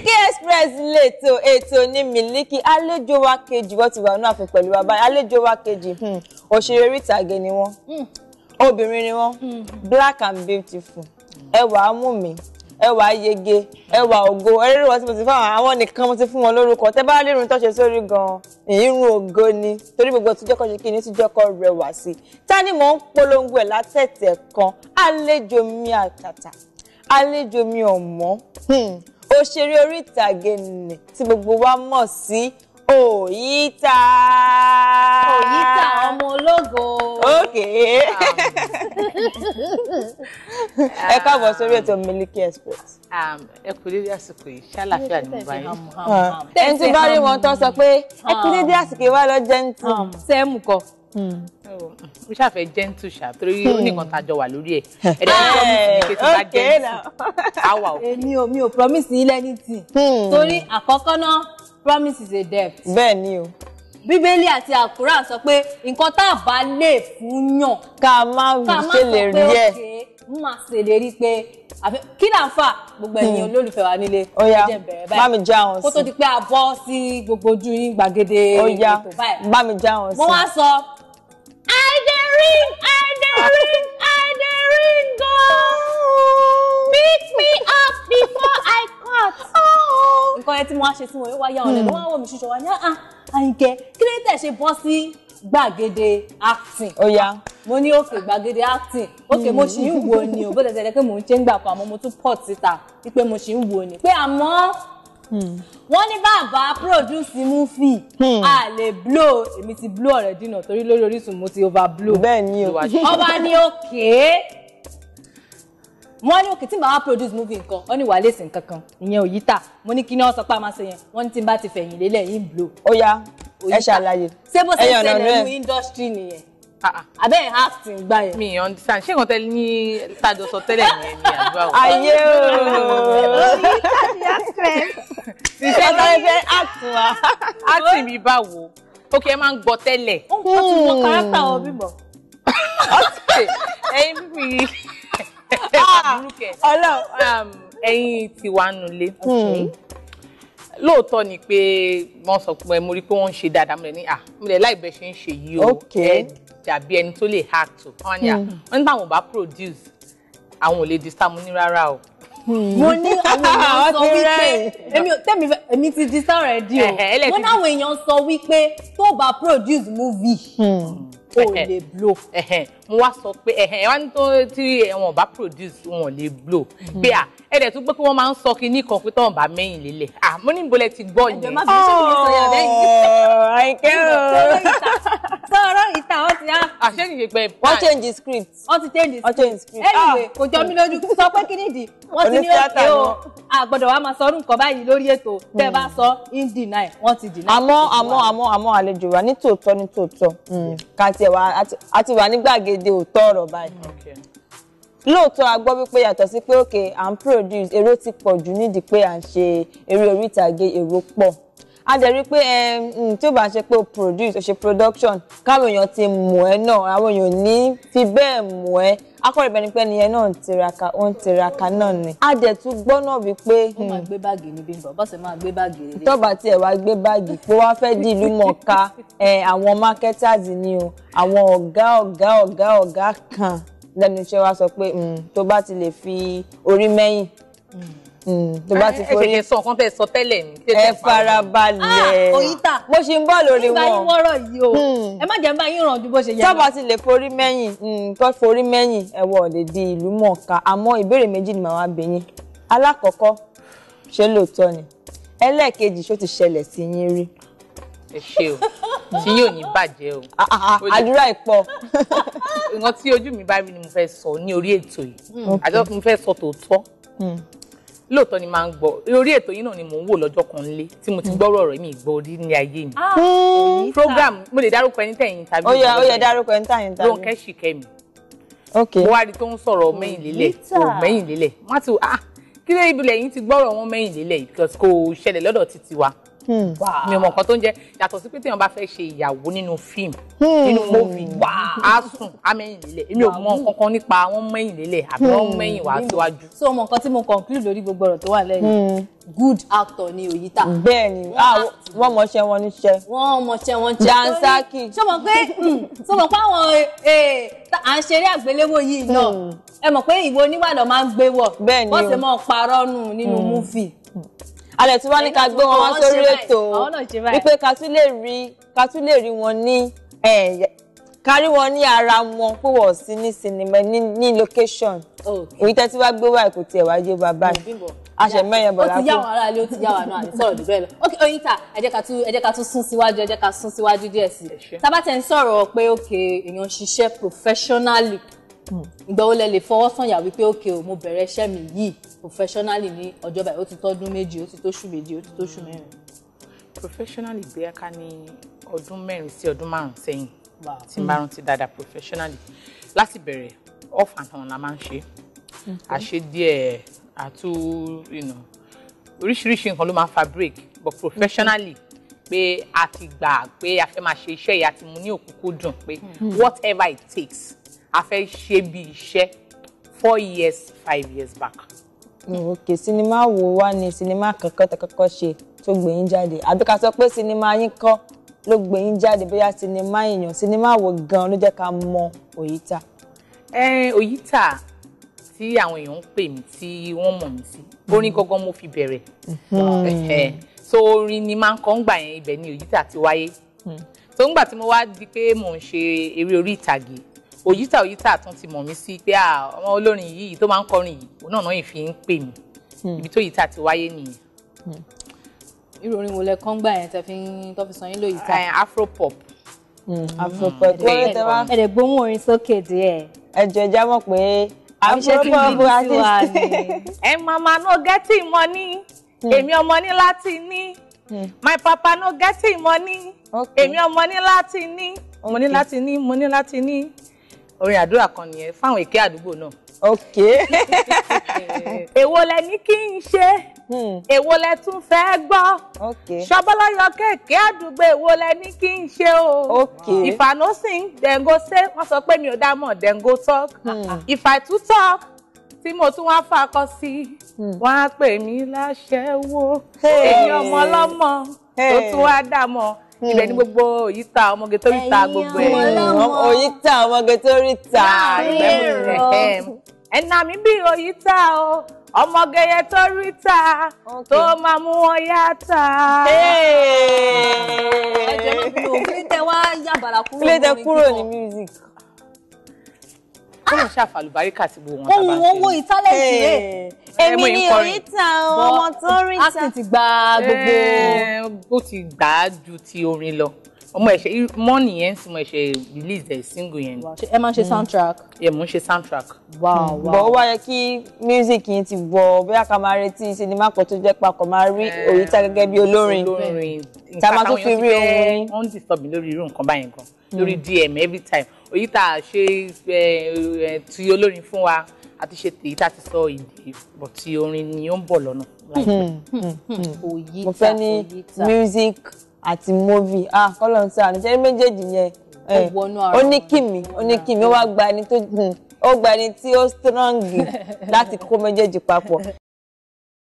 Miliki Express to ètò ni Miliki àlejò wa kejì wọ́n ti wà ní àfin pẹ̀lú wa báyìí àlejò wa kejì hmm. òṣèré orí ìtàgé ni wọ́n hmm. obìnrin ni wọ́n hmm. black and beautiful ẹwà amúmi ẹwà yege ẹwà ògo ẹrẹ́rẹ́ wọn tí mo ti fún àwọn nìkan mo ti fún wọn lórúkọ tẹ́ bá lérun tó ṣe sórí gan-an ìrún ògo ni torí gbogbo tíjọ́kọ ṣe kí ni tíjọ́kọ rẹwà sí ta ni mò ń polongo ẹ̀ látẹ̀tẹ̀ kan àlejò mi àtàtà àlejò mi ọ̀mọ́ òṣèré orí ìtàgé nì tí gbogbo wa mọ̀ sí òyìtà. òyìtà ọmọ ológo. ókè. ẹ káàbọ̀ sórí ètò Miliki Express. ẹ kú dédé àsìkò yìí ṣàlàfíà ní báyìí. ẹni tí bá rí wọn tó sọ pé ẹ kú dédé àsìkò yìí wá lọ jẹun tì. sẹ́ẹ̀mù kọ mo mm. ṣàfẹ́ gentle ṣá torí ó nìkan tá a jọ wà lórí ẹ̀ hmm. ẹ̀dẹ̀ mi promise mi pé tí bá gentle àwa ò. èmi ò mi ò promise yín anything hmm. torí àkọ́kọ́ náà promise is a debt. bẹ́ẹ̀ ni o. bíbélì àti àkùrá sọ pé nǹkan tá a bá lè fún yàn. ká má ṣèlérí ẹ̀ n máa ṣèlérí pé kí là ń fà gbogbo ẹ̀yin hmm. olólùfẹ́ wa nílé ọ̀yá bá mi já wọn sí kó tó di pé a bọ́ sí gbogbo ojú yín gbàgede ètò báyìí bá mi já wọn sí. wọ́n wá sọ wọ́n á ṣe tí wọ́n yóò wá yá wọn lẹ́nu hmm. wọ́n á wọ̀ mí ṣíṣọ́ wa ah, kí ló tẹ̀ ṣe bọ́ sí gbàgede acting. ó yá mo ní òkè gbàgede acting òkè mo hmm. ṣì ń wo ni ò bóde tẹ̀lé pé mò ń ṣe ń gbà kan àmọ́ mo tún pọ̀ síta pé mo ṣì ń wo ni pé àmọ́ hmm. wọ́n ní bàbá produce múfì a lè blow èmi ti blow ọ̀rẹ́ dìnà torí lórí Orísun mo ti over blow. bẹ́ẹ̀ o ọba ní òkè. Okay wọ́n á ní òkè tí màá produce movie nǹkan wọ́n ní wàá lè sìn kankan ìyẹn ò yí tà mo ní kí ni wọ́n sọ pé a máa ṣe yẹn wọ́n ní tí n bá ti fẹ̀yìn lélẹ̀ yìí ń blo. ó yá ẹ ṣàlàyé ṣé bó ṣe ń ṣẹlẹ̀ nínú industry nìyẹn ah, ah. abẹ́ ẹ̀ acting gbà yẹn. mi ò understand ṣé nǹkan tẹ ní tájọ sọ tẹ́lẹ̀ nìyẹn ni àdúrà wò. ayé ooo ṣe tọ́lẹ̀ fẹ́ act wa. acting mi bá wo ok ẹ máa ń gbọ́ tẹ́lẹ̀. ó ti mọ kárátà ọ bíbọ̀. ọ̀sẹ̀ ẹ̀yin bíbí yìí. Ah, ọlọ́run um, ẹ̀yin ti wà nulẹ̀ hmm. lóòótọ́ ni pé wọ́n sọ pé mo rí i pé wọ́n ń ṣe dáadáa mo lè ní ah mo lè láì bẹ́ẹ̀ ṣe ń ṣe yìí o ẹ dàbí ẹni tó lè hack tó wọ́n ní à hmm. wọ́n ní táwọn bá produce àwọn ò lè di sáà mo ní rárá o. Hmm. mo ní àwọn ọmọ sọ wípé èmi tẹ́mi fẹ́ èmi ti di sára ẹ̀ di o wọn náwọn èèyàn sọ wípé tó bá produce movie o lè blow. mo wá sọ pé ẹ wá ní tó tí wọn bá produce wọn lè blow pé à ẹ dẹ̀ tún gbé pé wọ́n máa ń sọ kinní kan pé tọ́wọ́n bá mẹ́yìn lélẹ̀ à mo ní ìbọlẹ̀ ti gbọ́ yẹn. àìkẹ́ o sọ̀rọ̀ ìta wọn ti á. àṣẹ́yìn pé wọ́n change the script. wọ́n ti change the script. anyway kò jọ mí lójú sọ pé kí nìdí wọ́n ti ní òkè o àgbọ̀dọ̀ wa máa sọ nǹkan báyìí lórí ètò tẹ́ bá sọ in deny wọ́n ti deny. àmọ́ àmọ́ àmọ́ àmọ́ àlejò wa ní tòótọ́ ní tòótọ́ hmm. ká tiẹ̀ wá a ti wà ní gbàgede òótọ́ ọ̀rọ̀ báyìí lóòótọ́ a gbọ́ wípé yàtọ̀ sí pé òkè à produce èrò ti pọ̀ jù nídìí pé à ń ṣe eré orí ìtàgé èrò pọ̀ a dẹ̀ rí i pé mm, tí ó bá ṣe pé o produce o ṣe production káwọn èèyàn ti mọ̀ ẹ́ náà àwọn èèyàn ní fi bẹ́ẹ̀ mọ̀ ẹ́ akọ̀rìbẹ̀ ni pé ẹnìyẹn náà ń tiraka ó ń tiraka náà ni. a dẹ̀ tún gbọ́ náà wípé. ó máa hmm, gbé báàgì ní Bímbọ́ bọ́sẹ̀ máa gbé báàgì rere. tó bá tiẹ̀ wá gbé báàgì pé wá fẹ́ di ìlú mọ̀ọ́ká eh, àwọn marketers ni o àwọn ọ̀gá ọ̀gá ọ̀gá ọ̀gá kan lẹ́nu iṣẹ́ wa sọ pé hmm, tó bá ti lè fi orí mẹ́yìn hmm. Mm. tó bá ti forí ẹ sọ nǹkan fẹ́ sọ tẹ́lẹ̀ ni. ẹ farabalẹ̀ ah, oyita bó ṣe ń bọ̀ lórí wọn. nígbà yín wọ́rọ̀ yìí o mm. ẹ má jẹ́ bá yín ràn ju bó ṣe yẹ lọ. tọ́ba ti lè forí mẹ́yìn mm, tó forí mẹ́yìn ẹ̀wọ̀ lè di ìlú mọ̀ọ́ká àmọ́ ìbéèrè méjì ni màá bẹ̀ yín alákọ̀ọ́kọ́ ṣé lóòótọ́ ni ẹlẹ́ẹ̀kejì ṣó ti ṣẹlẹ̀ sí yín rí. ẹ ṣe o tí yóò ní bàjẹ́ o. Ah, ah, àdúrà ìpọ. nǹkan tí ojú mi bá rí ni mo fẹ́ sọ ní orí ètò yìí àti mo fẹ́ sọ tòótọ́ lóòótọ́ ni máa ń gbọ́ orí ètò yìí náà ni mò ń wò lọ́jọ́ kan lé tí mo ti mm. gbọ́rọ̀ ọ̀rọ̀ mi gbọ́ orí ní ayé mi. Ah, program mo lè dárúkọ ẹni tẹ̀yìn tàbí. ó yẹ ó yẹ dárúkọ ẹni tẹ̀yìn tàbí. Rónkẹ́ Ṣìkẹ́mi. ok mo wá rí tó ń sọ̀rọ̀ mẹ́yìnlélẹ̀ kò mẹ́yìnlélẹ̀ wọ́n ti ah kí lè ibi lẹ́yìn ti gbọ́rọ̀ wọn mẹ́yìnlélẹ̀ because kò ṣẹlẹ̀ lọ́dọ̀ títí wa. Hmm. mi ò mọ nǹkan tó ń jẹ yàtọ̀ sí pé téèyàn bá fẹ́ ṣe ìyàwó nínú fíìmù hmm. nínú móvì á sùn èmi ò mọ nǹkan kan nípa wọ́n mẹ́yìn lélẹ̀ àbí wọ́n hmm. mẹ́yìn wá síwájú. so ọmọ nǹkan tí mo conclude lórí gbogbo ọ̀rọ̀ tó wà lẹ́yìn good actor ni Oyita. bẹ́ẹ̀ni ah, wọ́n mọṣẹ́ wọn níṣẹ́. wọ́n mọṣẹ́ wọn níṣẹ́. dansaki. sọmọ pé sọmọ pé àwọn e, à ń ṣeré àgbéléwò yìí náà ẹ mọ̀ pé ìwọ oníwàdàn máa ń gbé wọ̀ bẹ́ẹ̀ni o wọ́n sì mọ̀ parọ́ nù nínú múfì alẹ̀ tí wọ́n ní ká gbé wọn wá sórí ètò wípé ká tún lè rí ká tún lè rí wọn ní kárí wọn ní ara wọn pé wọ́n sí ní sinimá ní location èyí tẹ́tí wá gbé wá èkó tiẹ̀ wáyé bàbá yìí àṣẹmẹyẹ bọlá kù. ó ti yá wọn ara ilé ó ti yá wọn náà àti sọ̀rọ̀ jù bẹ́ẹ̀ lọ. ok Oyinta ẹ jẹ́ ká tún ẹ jẹ́ ká tún sún síwájú ẹ jẹ́ ká sún síwájú díẹ̀ sí i. tabatẹ ń sọ̀rọ̀ pé òkè èèyàn ṣiṣẹ́ professionally ìgbà wo lẹ lè fọwọ́ sọ̀yà wípé ok o mo bẹ̀rẹ̀ iṣẹ́ mi yìí professionally ní ọjọ́ báyìí ó ti tọ́dún méjì ó ti tóṣù méjì ó ti tóṣù mẹ́rin. professionally bóyá ká ní ọdún mẹ́rin sí ọdún márùn-ún sẹ́yìn tí n bá rántí dáadáa professionally láti bẹ̀rẹ̀ off and on la máa ń ṣe àṣe díẹ̀ àtú oríṣiríṣi nǹkan ló máa ń fa break but professionally. Mm pé a ti gbà pé a fẹ́ máa ṣe iṣẹ́ yìí a ti mú ní òkúkú dùn pé hmm. whatever it takes a fẹ́ ṣe bí iṣẹ́ four years five years back. Oh, ok sinimá wo wá ni sinimá kankan tẹ́ kọ́kọ́ ṣe tó gbé yín jáde àbí ká sọ pé sinimá yín kọ́ ló gbé yín jáde bóyá sinimá èèyàn sinimá wo gan ló jẹ́ ká mọ Òyítà. ẹ tí àwọn èèyàn ń pè mí tí wọ́n mọ̀ mí sí orin gangan mo fi bẹ̀rẹ̀ hmm. so orin ni máa ń kọ́ ń gbà yẹn ibẹ̀ ni Òyítà ti wáyé tó hmm. ń tí mo wá di pé mò ń ṣe eré orí ìtàgé òyítà òyítà tún ti mọ̀ mí sí pé àwọn ah, olórin yìí tó máa ń kọrin yìí òun náà náà fi ń pè mí hmm. ibi tó yìí tà ti wáyé nìyẹn. Hmm. irú orin wo lẹ kàn gbà yẹn tẹ fi ń tọ́ fi sàn yín lóyìí tà. Eh, afropop. Hmm, afropop wọ́n tẹ wá. ẹ̀rẹ̀ gbóhùn orin sókè díẹ̀. ẹ̀jọ̀ ẹja mọ̀ pé afropop artist. ẹ eh, mama no getting money èmi ọmọ ní láti ní my papa no getting money èmi ọmọ ní láti ní mo ní láti ní mo ní láti ní orin àdúrà kan nìyẹn fáwọn èké àdúgbò náà. ok. èwo lẹ ní kí n ṣe hmm. èwo lẹ tún fẹ́ gbọ́ ṣọbọ́láyọ kéèké àdúgbò èwo lẹ ní kí n ṣe o if I no sing then go sọ pé mi ò dá mọ̀ then talk hmm. if tí mo tún wá fakọ sí hmm. wọn á pè mí láṣẹ́wó èyí ọmọ ọlọ́mọ tó tún wá dá mọ́. ilẹ̀ ní gbogbo òyìtà ọmọge tó ta gbogbo ẹ̀ òyìtà ọmọge ọmọ rí ta ẹ̀nà mi bí òyìtà o ọmọge yẹn ta tó máa mú wọn yá ta. ẹ̀jẹ̀ mi kúrò kílẹ̀ tẹ wá yàbàrà kúrò ní kọ́nà ṣàfàlùbáríkà sí gbogbo wọn. ohun owó ìtálẹ̀tì rẹ̀ èmi ni oríta ọmọ tó ríta. a sì ti gba gbogbo. ó ti gbà á ju ti orin lọ ọmọ ẹ̀ṣẹ̀ mọ́ọ̀nì yẹn sì mọ ẹ̀ṣẹ̀ release ẹ̀ single yẹn. ẹ máa ń ṣe hmm. soundtrack. ẹ mò ń ṣe soundtrack. wow hmm. wow. bọ̀ ó wá yẹ kí music yìí ti gbọ́ bóyá ká máa retí sinimá kan tó jẹ́ papọ̀ máa rí Oríta gẹ́gẹ́ bí olórin tá a máa fi rí ohun. wọ́n lórí DM mm. every time òyì tá a ṣe ti olórin fún wa àti ṣe tèyí tá a ti sọ ìdí bọ̀ tí orin ni ó ń bọ̀ lọ́nà. Hmm, hmm, hmm, mo fẹ́ ní music àti movie ah kọ́lọ̀ ń sọ àná ṣe méjèèjì yẹn ó eh, ní kìmí ó ní kìmí ó wá gba ẹni tó ó gba ẹni tí ó strong láti kó méjèèjì papọ̀.